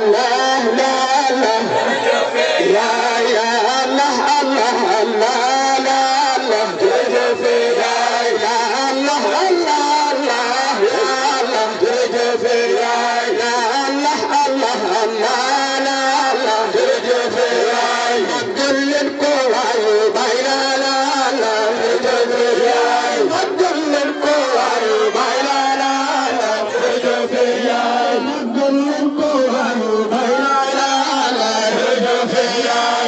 la la la la la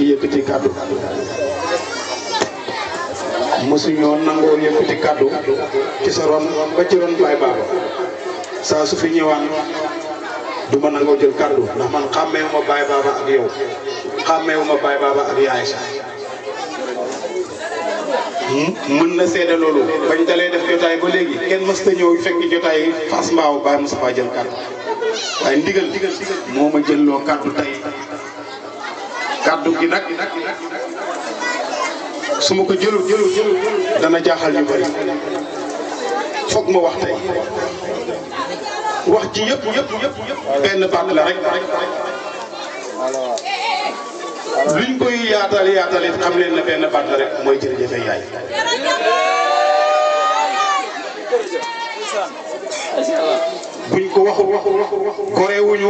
ci yëkkati kàddu mosuñoo nangoo yëkkati kàddu ci sa ron ba ci ron baay baaba saa su fi ñëwaan du nangoo jël kàddu ndax man xàmmeewu ma baaba ak yow xàmmeewu ma baaba ak yaay sa mën na seede loolu bañ dalee def jotaay ba léegi kenn ñëw fekk jotaay fas mbaaw jël waaye ndigal moo ma tey kaddu gi nak nag ko jëlu jëlu jëlu dana jaaxal ñu bari fokk ma wax tay wax ci yépp yépp yépp benn baat la rek luñ koy yaatal yaatal it xam leen ne benn baat la rek mooy jërëjëf yaay. buñ ko waxu waxu waxul waxul waxul koreewuñu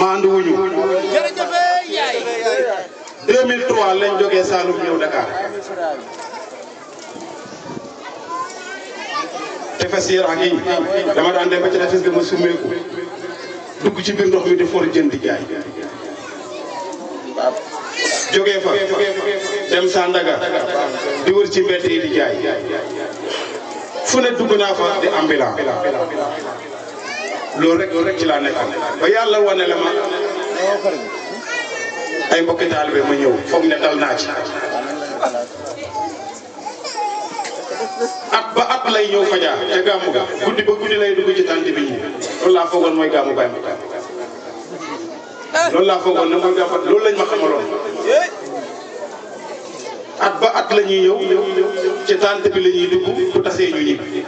maanduwuñu. 2003 lañ jógee Saalum ñëw Dakar tefes Yaraax gi dama daan dem ba ci tefes gi ma summeeku dugg ci biir ndox mi di for jënd jaay jógee fa dem Sandaga di wër ci mbedd yi di jaay fu ne dugg naa fa di ambulant loolu rek loolu rek ci laa nekkoon ba yàlla wane la ma ay mbokki taalibe ma ñëw foog ne dal naa ci at ba at lay ñëw fajaa te gàmmu ga guddi ba guddi lay dugg ci tànt bi ñu loolu laa foogoon mooy gàmmu Baye loolu lañ ma xamaloon at ba at la ñuy ñëw ci tànt bi la ñuy dugg bu tasee ñu ñibbi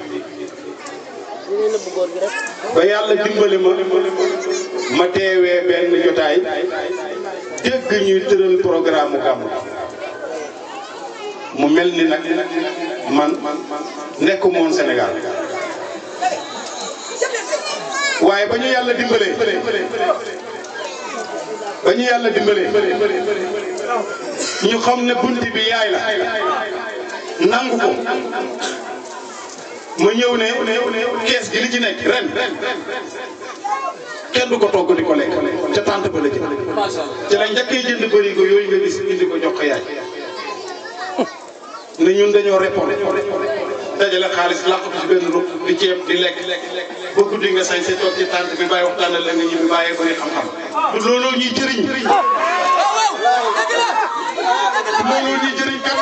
ba yàlla dimbali ma ma teewee benn jotaay dégg ñuy tëral programme mu mu mel ni nag man moon Sénégal waaye ba ñu yàlla dimbalee ba ñu yàlla dimbalee ñu xam ne bunti yaay la nangu ko ma ñëw ne kees gi li ci nekk ren kenn du ko togg di ko ca tànt ba la jëm ci la njëkkee jënd bëri ko yooyu nga gis indi ko jox yaay ne ñun dañoo répondre dajale xaalis làq ci benn rub di ceeb di lekk ba guddi nga sañ sa toog ci tànt bi bàyyi waxtaanal la nga xam-xam jëriñ jëriñ kan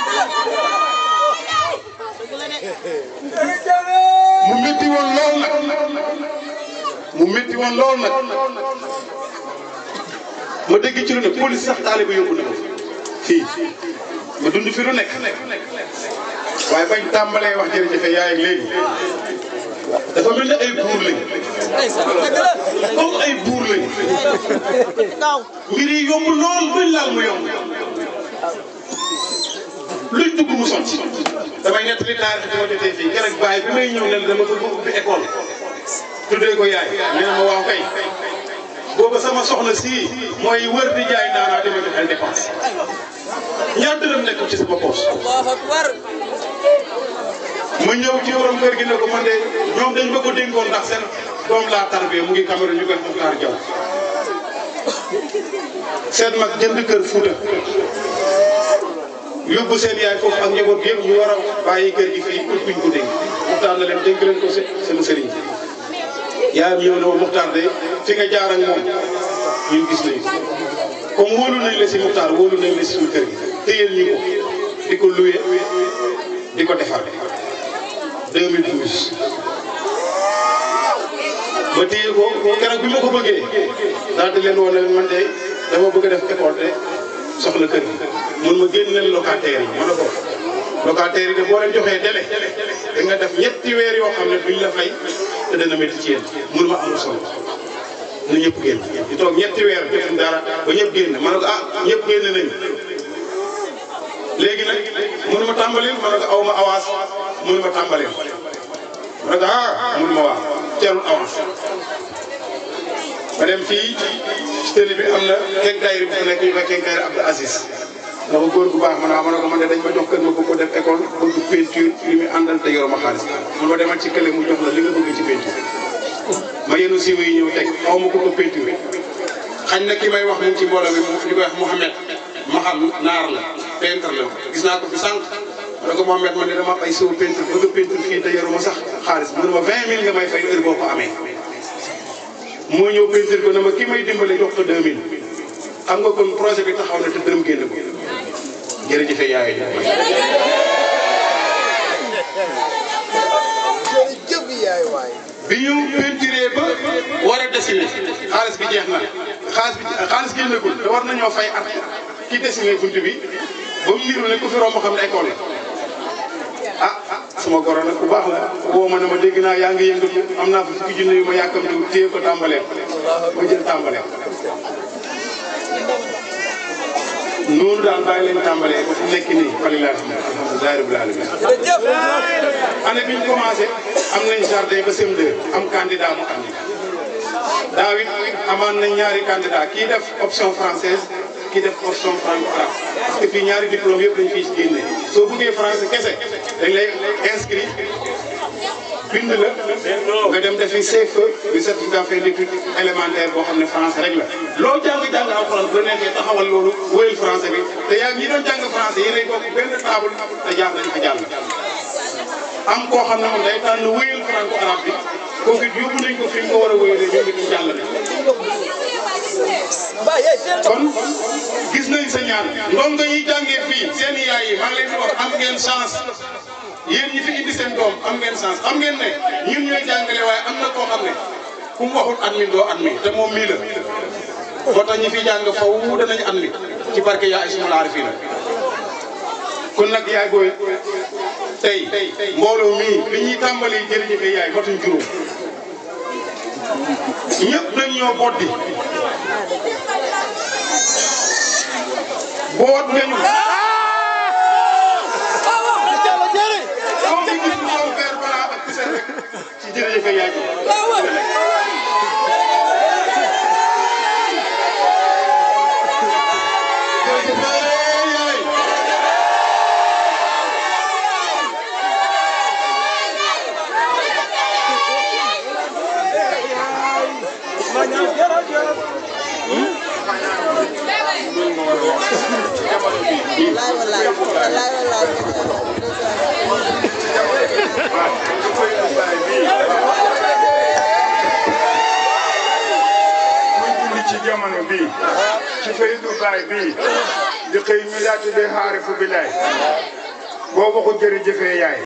mu mu métti woon lool nag ma dégg ci lu ne police sax taaliba yóbbu na ko fii ma dund fi lu nekk waaye bañ tàmbalee wax jërëjëf yaay ak léegi dafa mel ni ay buur lañ comme ay buur lañ mbir yi yomb lool buñ mu yomb luñ dugg mu sotti damay nettali daara bi ma jotee fii keroog baay bi may ñëw ne dama bëgg ubbi école tuddee ko yaay kay booba sama soxna si mooy wër di jaay naanaa dama jox ay dépense ñaar dërëm nekkul ci sama poche. mu ñëw ci borom kër gi ne ko man de ñoom dañ ko ndax seen doom laa tarbee mu ngi Cameroun ñu koy Muxtaar Jaw seen mag kër Fuuta yóbbu seen yaay foofu ak njaboot yëpp ñu war a bàyyi kër gi fii ko dénk Muxtaar seen sëriñ yaayam yow la Muxtaar de fi nga jaar ak moom ñun gis nañu comme wóolu nañ la si Muxtaar wóolu nañ la si suñu kër gi di ko luye di ko defar 2012 ba téye ko ma ko bëggee daal leen woon man de dama bëgg def école soxla kër gi mun ma génn leen locataire yi ma ne ko locataire yi de boo joxee délai da nga def ñetti weer yoo xam ne duñ la fay que dana métti ci yéen mënu ma amul solo nu ñëpp génn ñu toog ñetti weer defuñ dara ba ñëpp génn ma ne ko ah ñëpp génn nañu léegi nag mënu ma tàmbalil ma ne ko aw ma avance mënu ma tàmbalil ma ne ko ah mënu ma waa teelul avance ma dem fii ci télé bi am na kenkaayri bu nekk ñu ne kenkaayri Abdou Aziz na ko góor gu baax ma ne ma ne ko man de dañ ma jox kër ma bëgg ko def école bëgg peinture li muy àndal te yoruma xaalis mun ma demal ci kële mu jox la li nga bëgg ci peinture ma yenu siwo yi ñëw teg aw ma ko ko peinture xañ na ki may wax mu ci mbooloo bi ñu koy wax Mouhamed ma xam naar la peintre la gis naa ko fi sànq ma ne ko Mouhamed man ne dama ay siwo peinture bëgg a peinture fii te yoruma sax xaalis mu ne ma vingt mille nga may fay heure boo ko amee moo ñëw peinture ko na ma ki may dimbale jox ko deux mille xam nga kon projet bi taxaw na te dërëm génn ko jërëjëf yaayu bi ñu peinturé ba war a dessiné xaalis bi jeex na xaalis bi xaalis gi te war nañoo fay at ki dessiné bunt bi ba mu niru ne ku fi romb xam ne école a a ah, ah, sama goro nag ku baax la woo ma ne ma dégg naa yaa ngi yëngatu am naa fa fukki junne yu ma yàkkamte wu téye ko tàmbalee ma jël tàmbalee noonu daal bàyyi leen tàmbalee ba fu nekk nii fali alhamdulilah rabbil alamin année bi ñu am nañ jardin ba CM2 am candidat mu am na it amaan nañ ñaari candidat kii def option française kii def option franco-arabe parce que fii ñaari diplôme yëpp dañ fiy génne soo bëggee français kese dañ lay inscrit bind la nga dem defi CFEE bi certificat d'affaires d'études élémentaires boo xam ne français rek la. loo jàng jàng alxuraan bu nekkee taxawal loolu wéyal français bi te yaa ngi doon jàng français yéenay bokk benn table te jaar nañ fa jàll. am koo xam ne moom day tànn wéyal franco arabe bi kooku it yóbbu nañ ko fi mu ko war a wéyalee ñoom itam jàll nañ. kon gis nañ sa ñaan ndongo yi jàngee fii seen yaay yi maa ngi leen di wax am ngeen chance. yéen ñi fi indi seen doom am ngeen chance am ngeen ne ñun ñooy jàngale waaye am na koo xam ne ku mu waxul at doo at mi te moom mii la boo tax ñi fi jàng faw danañ at mi ci barke yaa ismul aarifiina kon nag yaay booy tey mbooloo mii li ñuy tàmbali jëriñu yaay matuñ juróom ñëpp dañ ñoo boddi boot nañu Direi, Iago. Boa! ci Seydou Baye bii di xëy ñu yaatu de xaare fu bilaay boo waxul jërëjëfee yaay